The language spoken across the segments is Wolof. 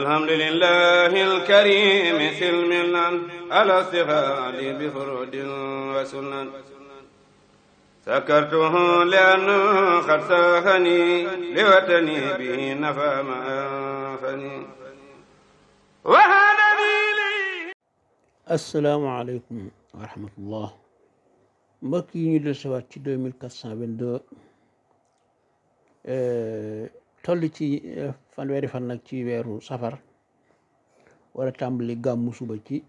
الحمد لله الكريم سلمنا على استفاد بفرود وسنن سكرته لأنه قد ساهني لوطني به نفى ما أنفني وهذا لي السلام عليكم ورحمة الله mbokk yi ñu del sawaat ci 2422 toll ci eh, fanweeri fan nag ci weeru safar wala tàmbali gàmmu suba ci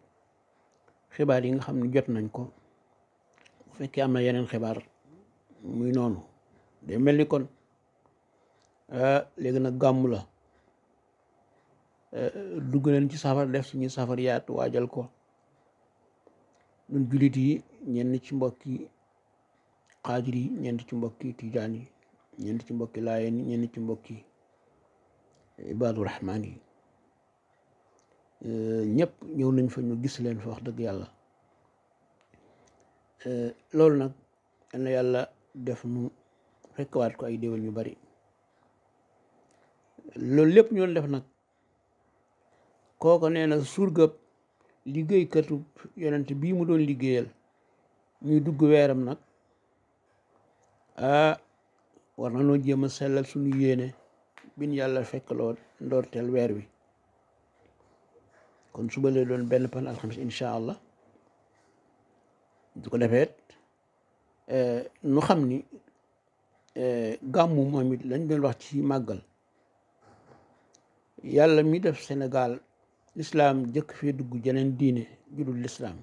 xibaar yi nga xam ni jot nañ ko bu fekkee am na yeneen xibaar muy noonu day mel ni kon eh, léegi nag gàmmu la eh, dugg nañ ci safar def suñu safar yaatu waajal ko ñun jullit yi ñenn ci mbokki xaadir yi ñeenti ci mbokki tiijaan yi ñenn ci mbokki laayeen yi ñenn ci mbokki ibaadu rahmaan yi eh, ñëpp ñëw nañ fa ñu gis leen fa wax dëgg yàlla eh, loolu nag na yàlla def nu fekkwaat ko ay déwén yu bari loolu lépp ñu def nag kooko nee na surgab liggéeykatu yonent bii mu doon liggéeyal ñuy dugg weeram nag ah war na noo jéem a sellal suñu yéene bin yàlla fekk loo ndoorteel weer wi kon suba lay doon benn pan alxamis incha allah du ko defeet eh, nu xam ni eh, gàmmu moom it lañ doon wax ci màggal yàlla mi def senegal lislaam jëkk fee dugg jeneen diine judul lislaam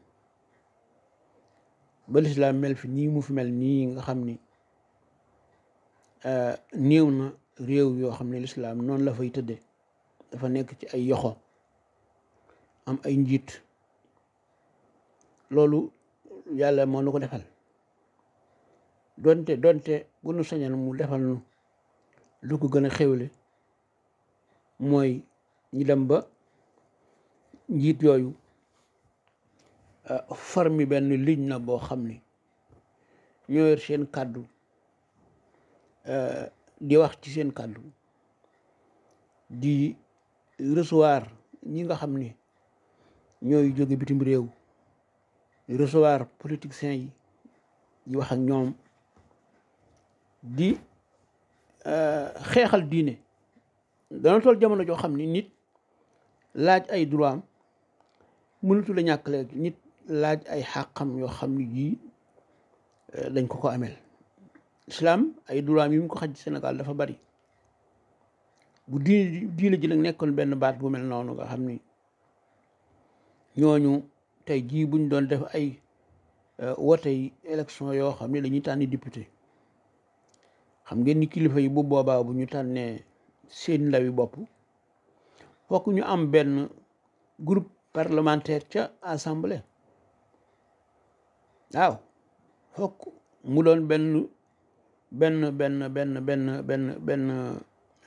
ba lislaam mel fi nii fi mel nii nga xam ni eh, néew na réew yoo xam ne lislaam noonu la fay tëdde dafa nekk ci ay yoxo am ay njiit loolu yàlla moo nu ko defal donte doonte bu nu mu defal nu lu ko gën a xewle mooy ñi dem ba njiit yooyu ah, farmi benn liiñ na boo xam ni ñoo yor seen kàddu ah, di wax ci seen kàddu di recevoir ñi nga xam ni ñooy jóge bitim réew recevoir politiciens yi di wax ak ñoom di euh, xeexal diine dana toll jamono joo xam ni nit laaj ay droit am mënatu la ñàkk léegi nit laaj ay xàqam yoo xam ni yii euh, dañ ko ko ameel islam ay droit yi mu ko xaj Sénégal dafa bari bu diine diine ji nag nekkoon benn baat bu mel noonu nga xam ni ñooñu tey jii buñ doon def ay euh, wote yi yoo xam ne dañuy tànni député xam ngeen ni kilifa yi bu boobaa bu ñu tànnee seen ndawi bopp fokk ñu am benn groupe parlementaire ca assemblée waaw fokk mu doon benn benn benn benn benn benn benn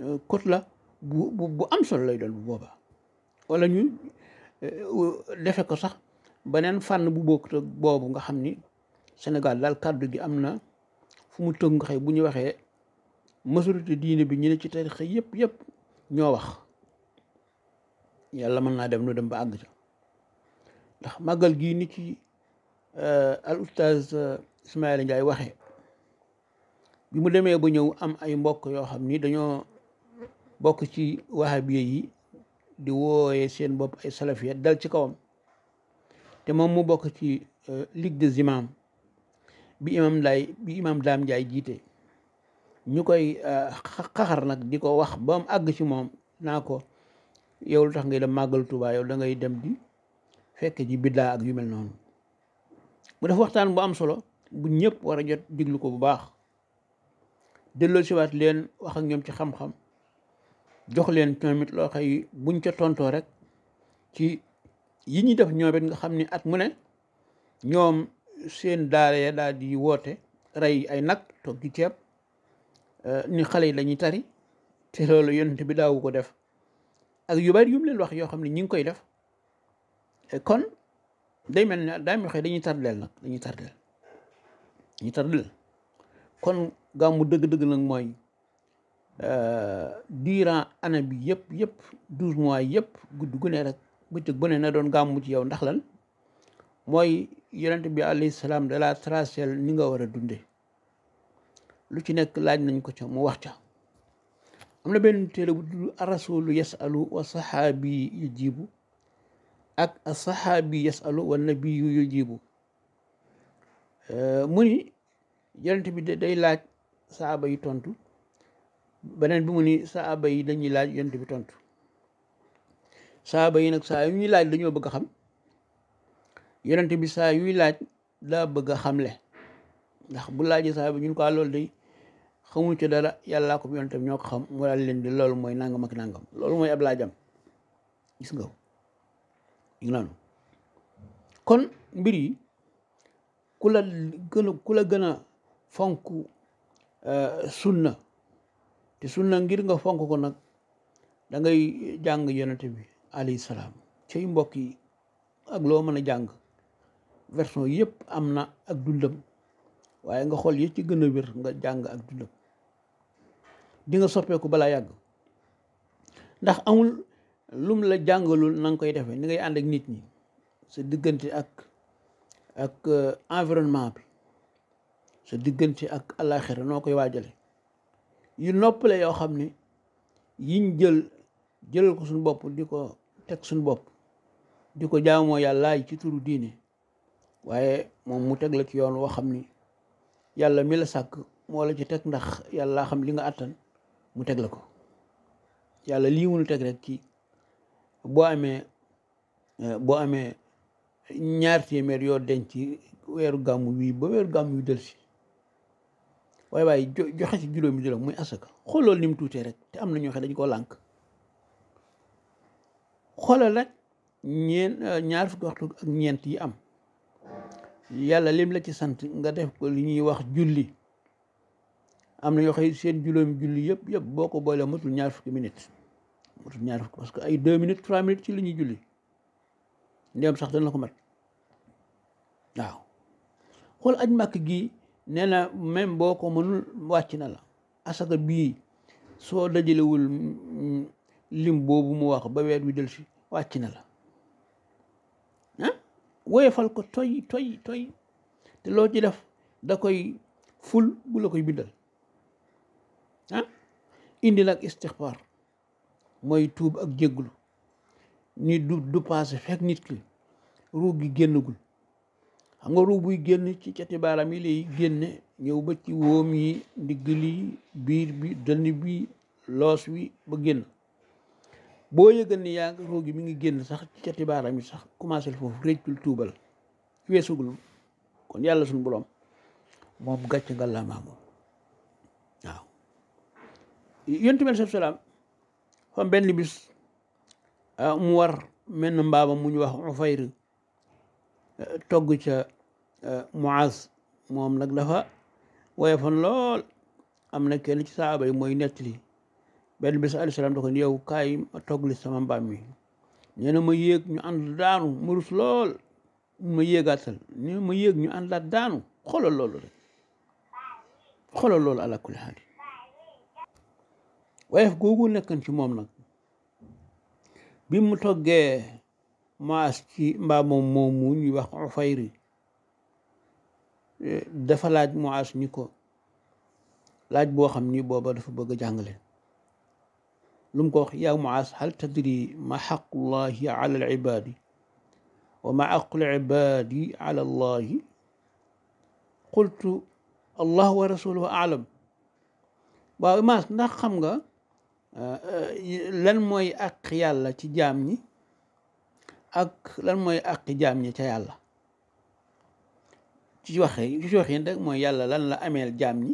euh, côte la bu bu am solo lay doon bu boobaa walla ñu euh, euh, defe ko sax beneen fànn bu bokk boobu nga xam ni Sénégal daal kàddu gi am na fu mu tënk xëy bu ñu waxee majorité diine bi ñu ne ci te xëy yëpp yëpp ñoo wax yàlla mën naa dem nu dem ba àgg ca ndax màggal gii nit ki al oustaz Ismaïla Ndiaye waxee bi mu demee ba ñëw am ay mbokk yoo xam ni dañoo bokk ci wahabiye yi di wooyee seen bopp ay salafiya dal ci kawam te moom mu bokk ci euh, ligue des imams bi imam lay bi jiite ñu koy euh, xaxar nag di ko wax ba mu àgg ci moom naa ko yow lu tax ngay dem màggal Tuubaa yow dem di fekk ji biddaa ak yu mel noonu mu def waxtaan bu am solo bu ñëpp war a jot diglu ko bu baax delloo siwaat leen wax ak ñoom ci xam-xam jox leen ñoomit loo xëy buñ ca tontoo rek ci yi ñuy def ñoom nga xam ni at mu ne ñoom seen daara ya daal di woote rey ay nag to di ceeb euh, ni xale yi lañuy tari te loolu yonent bi daawu ko def ak yu bari yu mu leen wax yoo xam ne ñi ngi koy def kon day mel ne daa mi xëy dañuy tardeel nag dañuy tardeel dañuy kon gàmmu dëgg-dëgg nag mooy euh, durant année bi yëpp yëpp mois yëpp guddi gune ne rek bëccëg bu ne na doon gàmmu ci yow ndax lan mooy yonent bi alayhi salaam da la tracel ni nga war a dunde lu ci nekk laaj nañ ko ci mu wax ca am na benn téere bu tudd arasulu yasalu wa saxaabi yu jiibu ak asaxaabi yasalu wa nabiyu yu euh, mu ni yonent bi day laaj saaba yi tontu beneen bi mu ni saaba yi dañuy laaj yonent bi tontu saaba yi nag saa ñuy laaj dañoo bëgg xam yonent bi saa yuy laaj daa bëgg a xamle ndax bu laajee saaba ñun ko ah, loolu day xamuñ ci dara yàllaa ko bi yonent bi ñoo ko xam mu daal leen di loolu mooy nangam ak nangam loolu mooy ab laajam gis nga ñu kon mbir yi ku la ku la gën fonk eh, sunna te sunna ngir nga fonk ko nag da ngay jàng yonent bi alayhi salaam cay mbokk yi ak loo mën a jàng version yëpp am na ak dundam waaye nga xool yi ci gën a wér nga jàng ak dundam di nga soppeeku balaa yàgg ndax amul lum la jàngalul na nga koy defee ni ngay ànd ak nit ñi sa diggante ak ak eh, environnement bi sa diggante ak alaxira noo koy waajale yu noppale yoo xam ne yiñ jël jëlal ko suñu bopp di ko teg suñu bopp di ko jaamoo yàllaay ci turu diine waaye moom mu teg la ci yoon woo xam ni yàlla mi la sàkk moo la ci teg ndax yàlla xam li nga àttan mu teg la ko yàlla lii munu teg rek ci boo amee eh, boo amee ñaar téeméer yoo denc ci weeru gàmmu wii ba weeru gàmmu wi delsi waaye waaye joxe ci juróomi dërëm muy asaka xool loolu mu tuutee rek te am na ñoo xam dañu koo lànk xoolal rek ñeen euh, ñaar fukki waxtu ak ñeent yi am yàlla lim la ci sant nga def ko li ñuy wax julli am na ñoo xam seen juróomi julli yëpp yëpp boo ko boolee matul ñaar fukki minutes matul ñaar fukki parce que ay deux minutes trois minutes ci li ñuy julli ndéem sax dana la ko mat waaw xool aj màkk gii nee na même boo ko mënul wàcc na la asaka bii soo dajalewul lim boobu mu wax ba weer wi del si wàcc na la ah woyefal ko toy toy toy te loo ci def da koy ful bu la koy bindal ah indi nag istixfaar mooy tuub ak jégglu ni du du passé fekk nit ki ruug gi génnagul xam nga ruu buy génn ci cati baaraam yi lay génne ñëw ba ci wóom yi ndigg li biir bi dënn bi loos wi ba génn boo yëgal ni yaa ngi ruu mi ngi génn sax ci cati baaraam yi sax commencé foofu réccul tuubal weesugul kon yàlla suñu borom moom gàcc nga la maa moom salaam fam benn bis ah, mu war menn mbaaba mu ñu wax ufayr eh, togg ca Euh, Muaz moom nag dafa woyofoon lool am na kenn ci saaba yi mooy nettali benn bis alayhi salaam da ko ni yow ma togg li sama mbaam mi nee na ma yéeg ñu ànd daanu ma rus lool ma yéegaatal nee na ma yéeg ñu àndaat daanu xoolal loolu rek ala kulli haal woyof googu nekkan ci moom nag bi mu toggee maas ci mbaam moom moom mu ñuy wax Ufayri dafa laaj Muaas ni ko laaj boo xam ni booba dafa bëgg a jàngale lu mu ko wax yaa Muaas hal tadri ma xaqullahi ala al-ibaadi wa ma aqul ibaadi qultu allah wa rasuluhu aalam waaw Muaas ndax xam nga eh, lan mooy àq yàlla ci jaam ñi ak lan mooy àq jaam ñi ca yàlla ci waxe ci waxin rek mooy yàlla lan la ameel jaam ñi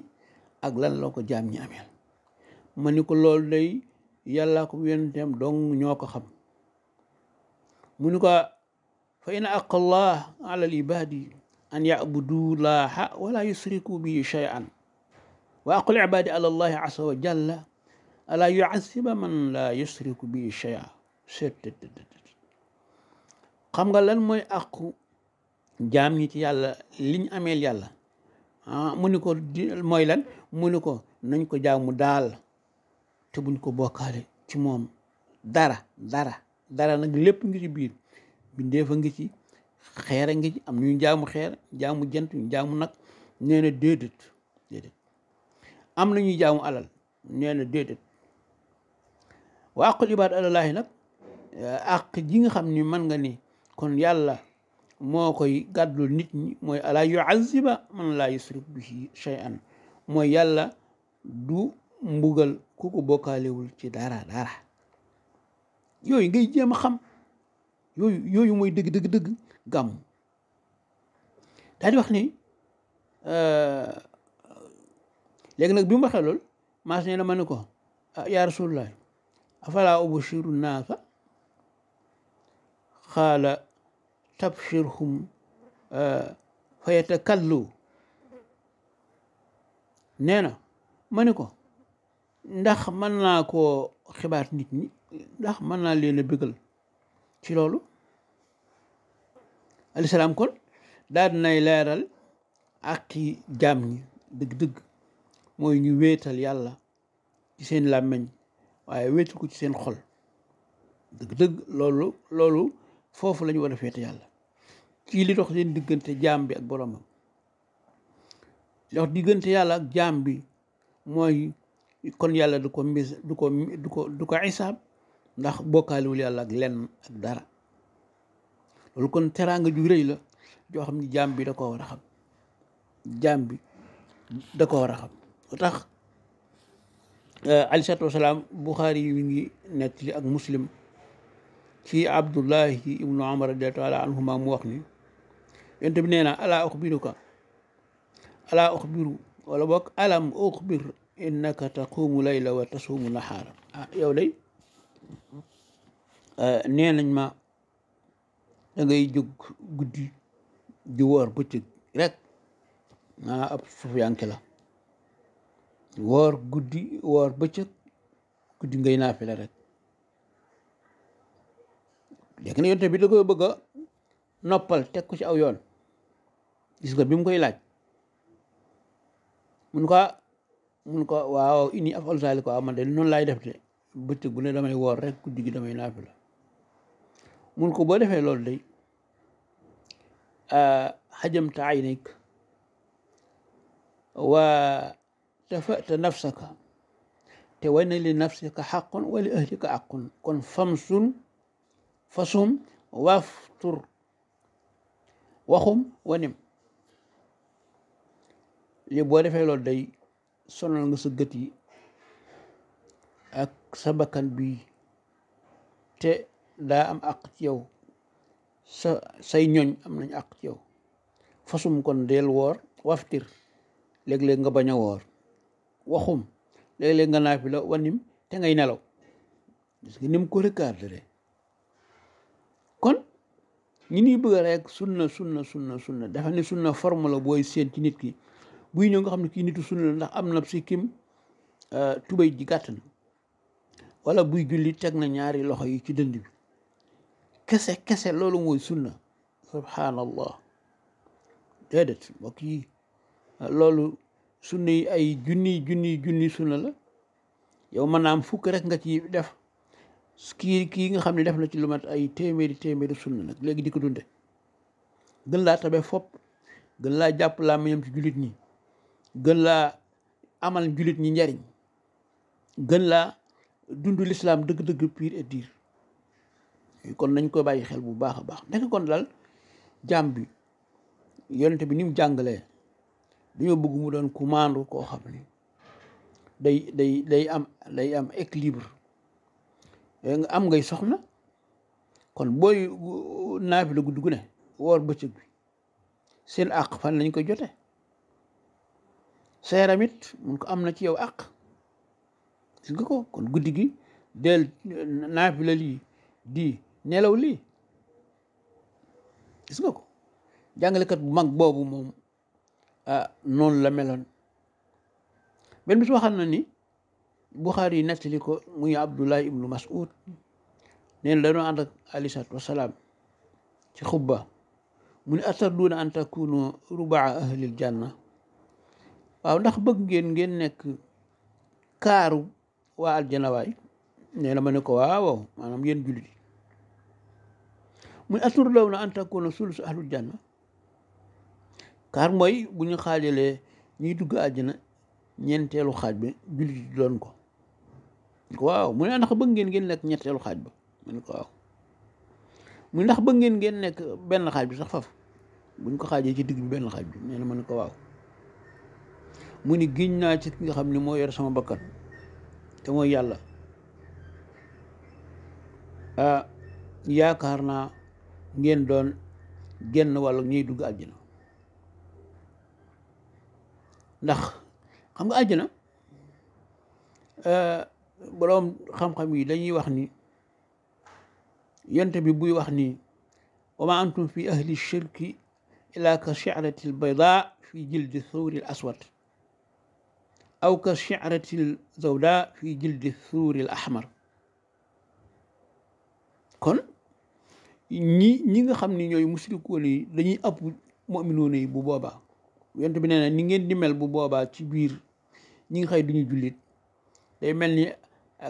ak lan la ko jaam ñi ameel ma ni ko loolu day yàllaa ko yonenteem dong ñoo ko xam mu ni ko fa in aqallah ala al ibadi an yabudu laaha wala yusriku bi shay'an wa aqul ibadi ala allahi asa wa jalla ala yuasiba man la yusriku bi shay'an xam nga lan mooy aqu jaam ñi ci yàlla liñ ameel yàlla ah, mu ni ko mooy lan mu ni ko nañ ko jaamu daal te buñ ko bokkaale ci moom dara dara dara nag lépp ngi ci biir bindee fa ngi ci xeer ngi ci am ñu jaamu xeer jaamu jant ñu jaamu nag nee na am na ñuy jaamu alal nee na déedéet wa aqul ibaad alallaahi nag eh, àq ji xam ni mën nga ni kon yàlla moo koy gàddul nit ñi mooy alaa yuaziba man laa yusrik bihi shay'an mooy yàlla du mbugal ku ko bokkaalewul ci dara dara yooyu ngay jéem a xam yooyu yooyu mooy dëgg dëgg dëgg gàmm wax ni euh, léegi nag bi mu waxee maas nee na ma ne ko ah, yaa rasulullah afalaa ubashiru naasa xaala tabshirhum eh, fa yatakallu nee na ma ni ko ndax mën naa koo xibaar nit ñi ndax mën naa leen a bëggal ci loolu alayhi salaam kon daal dinay leeral ak ci jaam ñi dëgg-dëgg mooy ñu wéetal yàlla ci seen lameñ waaye wéetal ko ci seen xol dëgg-dëgg loolu loolu foofu la war a féete yàlla ci li dox diggante jaam bi ak boromam dox diggante yàlla ak jaam bi mooy kon yàlla du ko mis du ko du ko du ko isaab ndax bokkaaliwul yàlla ak lenn ak dara loolu kon teraanga ju rëy la joo xam ni jaam bi da ko war a xam jaam bi da ko war a xam moo tax eh, aleyhi salaatu wasalaam Buxaari yi ngi nettali ak muslim ci abdullahi ibnu amar radiallahu taala anhuma mu wax ni yonent bi nee na ala uxbiruka ala uxbiru wala boog alam uxbir innaka taquumu layla wa tasuumu nahaara ah yow day eh, nee nañ ma da ngay jóg guddi di woor bëccëg rek maa ab sufiyanke la woor guddi woor bëccëg guddi ngay naafila rek léegi na yonte bi da koy bëgg noppal teg ko ci aw yoon gis nga bi koy laaj mun ka mun ko waaw ini afal saali ko man de noonu laay def te bëccëg bu ne damay woor rek guddi gi damay naafi la mun ko boo defee loolu day ah, xajamta aynik wa tafata nafsaka te way na li nafsika xaqun wali ahlika aqun kon famsun fasum waftur waxum wanim lii boo defee loolu day sonal nga sa gët yi ak sa bakkan bii te daa am àq ci yow sa say ñooñ am nañ ak ci yow fasum kon del woor waftir léeg-léeg nga bañ a woor waxum léeg-léeg nga naafi la wanim te ngay nelaw gis nga nim ko recadré ñi ñuy bëgg rek sunna sunna sunna sunna dafa ne sunna forme la booy seen ci nit ki buy ñëw nga xam ne kii nit sunna la ndax am na sikkim euh, tubéy ji gàtt na wala buy julli teg na ñaari loxo yi ci dënd bi kese kese loolu mooy sunna subhanallah déedéet mbokk yi loolu sunna yi ay junni junni junni sunna la yow mën naa fukk rek nga ci def kii kii nga xam ne def na ci lu mat ay téeméeri téeméeri sunna nag léegi di ko dunde gën laa tabe fopp gën laa jàpp laa mañam ci jullit ñi gën laa amal jullit ñi njariñ gën laa dund lislaam dëgg-dëgg piir et dire kon nañ ko bàyyi xel bu baax a baax nekk kon daal jaam bi yonente bi ni mu jàngalee dañoo bëgg mu doon ku koo xam ni day day day am day am équilibre nga am ngay soxna kon booy naafi la guddi gu ne woor bëccëg bi seen àq fan lañ koy jote sa yaram it mun ko am na ci yow àq gis nga ko kon guddi gi del naafi lii di nelaw lii gis nga ko jàngalekat bu mag boobu moom ah noonu la meloon benn bis waxal na ni Buxaari yi nettali ko muy Abdullah ibnu Mas'ud neen dañoo ànd ak alayhi salaatu wasalaam ci xubba mu ne atarduuna an takunu rubaa ahlil janna waaw ndax ngeen ngeen nekk kaaru waa aljana ma ne ko waaw maanaam yéen jullit yi mu ne atardawna an takunu sulus ahlul janna kaar mooy bu ñu xaajalee ñuy dugg àjjana ñeenteelu xaaj bi jullit yi doon ko ko waaw mu ne ndax bëgg ngeen ngeen lekk ñetteelu xaaj ba mu ne ko ndax bëgg ngeen ngeen nekk benn xaaj bi sax faf buñ ko xaajee ci digg bi benn xaaj bi nee na ma ne ko waaw mu ni giñ naa ci ki nga xam ni moo yor sama bakkan te mooy yàlla yaakaar naa ngeen doon genn walla ñuy dugg àjjana ndax xam nga na boroom xam-xam yi dañuy wax ni yonte bi buy wax ni wa ma antum fi ahli shirki ila ka shicrati albayda fi jildi thuuri aswad aw ka shicrati al fi jildi thuuri al ahmar kon ñi ñi nga xam ni ñooy musrikoon yi dañuy ëpp mu'minoon yi bu boobaa yonte bi nee ni ngeen di mel bu boobaa ci biir ñi ngi xëy duñu jullit day mel ni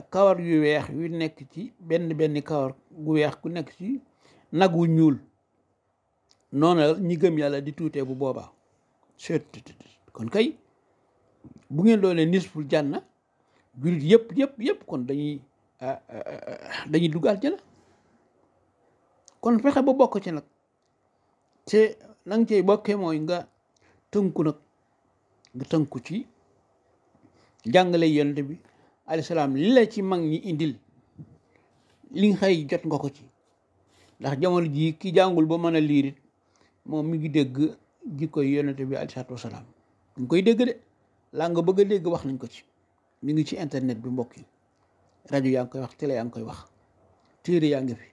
kawar yu weex yu nekk ci benn benn kawar gu weex ku nekk ci nag wu ñuul noonu ñi gëm yàlla di tuutee bu boobaa kon kay bu ngeen loolee nisful jànna jullit yëpp yëpp yëpp kon dañuy ah, ah, ah, dañuy dugal jëla kon fexe ba bokk ci nag te nang nga cey bokkee mooy nga tënku nag nga tënku ci jàngale yonent bi alayhi salaam li la ci mag ñi indil li nga xëy jot nga ko ci ndax jamono jii ki jàngul ba mën a liirit moom mi ngi dégg jikkoy yonente bi alayhi salaam wasalaam ñu koy dégg de laa nga bëgg a dégg wax nañ ko ci mu ngi ci internet bi mbokk yi rajo yaa ngi koy wax tele yaa ngi koy wax téere yaa ngi fi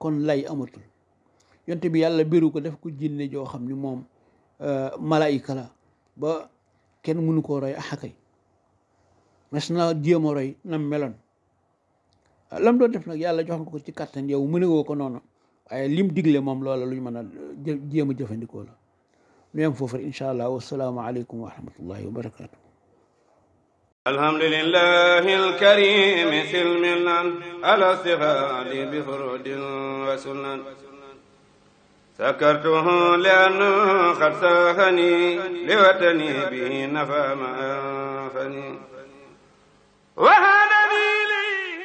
kon lay amatul yonte bi yàlla biru ko def ko jinne joo xam ni moom euh, malaayika la ba kenn mënu koo roy axakay ah, mas na jéem a roy nam meloon lam doon def nag yàlla jox nga ko ci kàttan yow mëne woo ko noonu waaye lim digle moom loola lu ñu mën a jéem a jëfandikoo la nu yem foofu incha allah wasalaamaaleykum wa rahmatullahi wa barakaatu alhamdulillahi alkarimi silmilan ala sihadi bi furudin wa sunan سكرته لأنه قد ساخني لوطني به نفى ما أنفني wa